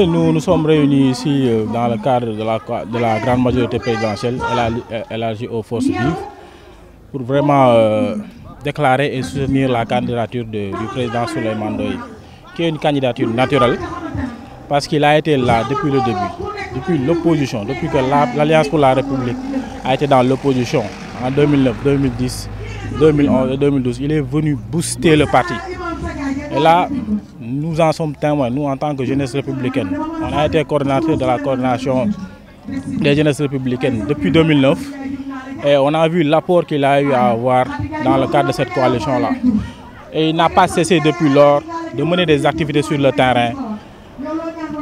Nous nous sommes réunis ici euh, dans le cadre de la, grande majorité présidentielle euh, élargie aux forces vives pour vraiment euh, déclarer et soutenir la candidature du président Souleymane Doy, qui est une candidature naturelle parce qu'il a été là depuis le début, depuis l'opposition, depuis que l'Alliance pour la République a été dans l'opposition en 2009, 2010, 2011 et 2012. Il est venu booster le parti. Et là, nous en sommes témoins, nous en tant que jeunesse républicaine. On a été coordinateur de la coordination des jeunesses républicaines depuis 2009 et on a vu l'apport qu'il a eu à avoir dans le cadre de cette coalition-là. Et il n'a pas cessé depuis lors de mener des activités sur le terrain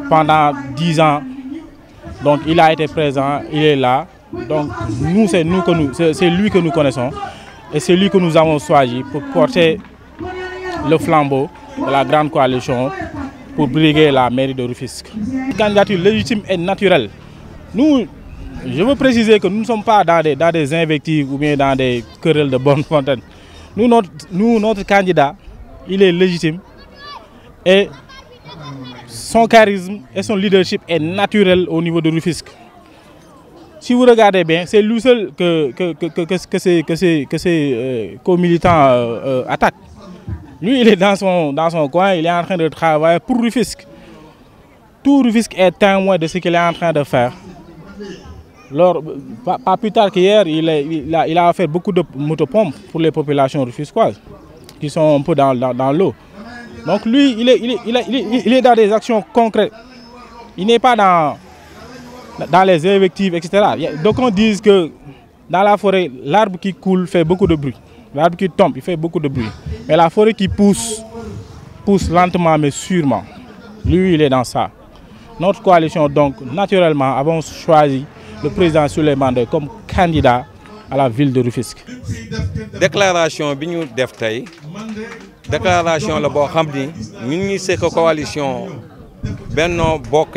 pendant 10 ans. Donc il a été présent, il est là. Donc nous, c'est nous que nous, c'est lui que nous connaissons et c'est lui que nous avons choisi pour porter le flambeau de la grande coalition pour briguer la mairie de Rufisque. Une candidature légitime et naturelle. Nous, je veux préciser que nous ne sommes pas dans des, dans des invectives ou bien dans des querelles de bonne fontaine. Nous notre, candidat, il est légitime et son charisme et son leadership est naturel au niveau de Rufisque. Si vous regardez bien, c'est lui seul que, que, que, que, que que euh, co-militants euh, euh, attaquent. Lui, il est dans son, dans son coin, il est en train de travailler pour Rufisque. Tout Rufisque est témoin de ce qu'il est en train de faire. pas, plus tard qu'hier, il, a, fait beaucoup de motopompes pour les populations rufisquoises qui sont un peu dans, l'eau. Donc lui, il est, il, dans des actions concrètes. Il n'est pas dans, dans les invectives, etc. Donc on dit que dans la forêt, l'arbre qui coule fait beaucoup de bruit. L'arbre qui tombe, il fait beaucoup de bruit. Mais la forêt qui pousse, pousse lentement mais sûrement. Lui, il est dans ça. Notre coalition, donc, naturellement, avons choisi le président Souleymane comme candidat à la ville de Rufisque. déclaration bi Deftei. déclaration le bord Ministre de ñun coalition Benno Bokk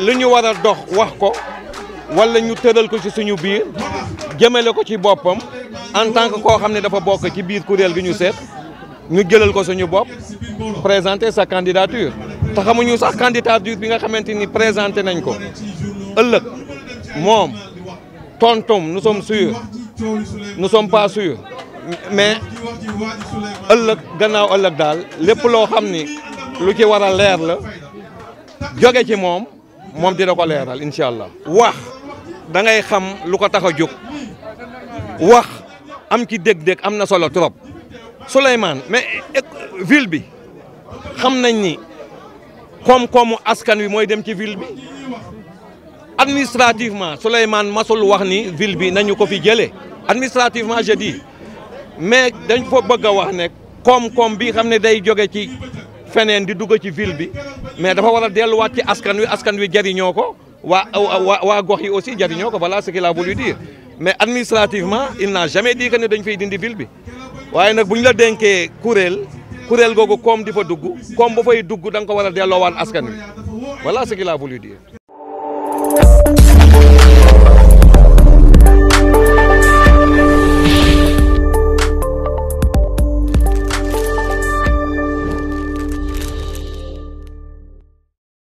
lu ñu war dox wax ko wala ñu tëral ko ci suñu biir jëmale ko ci bopam en tant que ko xamné dafa bok ci biir kuréel gi ñu sét ñu jëlal ko suñu bop présenter sa candidature te xamuñu sax candidature bi nga xamanteni présenter nañ ko ëlëk mom tontom nous sommes sûrs nous sommes pas sûrs mais ëlëk gannaaw ëlëk daal lepp lo xamni lu ci wara a leer la joggé ci mom mom dina ko leral inshallah wax da ngay xam lu ko taxo juk wax am ci deg deg amna solo trop Souleymane mais ville bi xam nañ ni kom komu askan wi moy dem ci ville bi administrativement Souleymane masul wax ni ville bi nañu ko fi jele administrativement je dis mais dañ fo bëgg wax ne kom kom bi xamne day jóge ci. fenen di dugg ci ville bi mais dafa wala delu wat ci askan wi askan wi jariñoo wa wa gox yi aussi jariñoo ko voilà ce qu'il a voulu dire mais administrativement il n'a jamais dit que ne dañ fay dindi ville bi waye nak buñ la denké courel courel gogo koom di fa dugg koom ba fay dugg da nga ko war a delloowaat askan wi voilà ce qu'il a voulu dire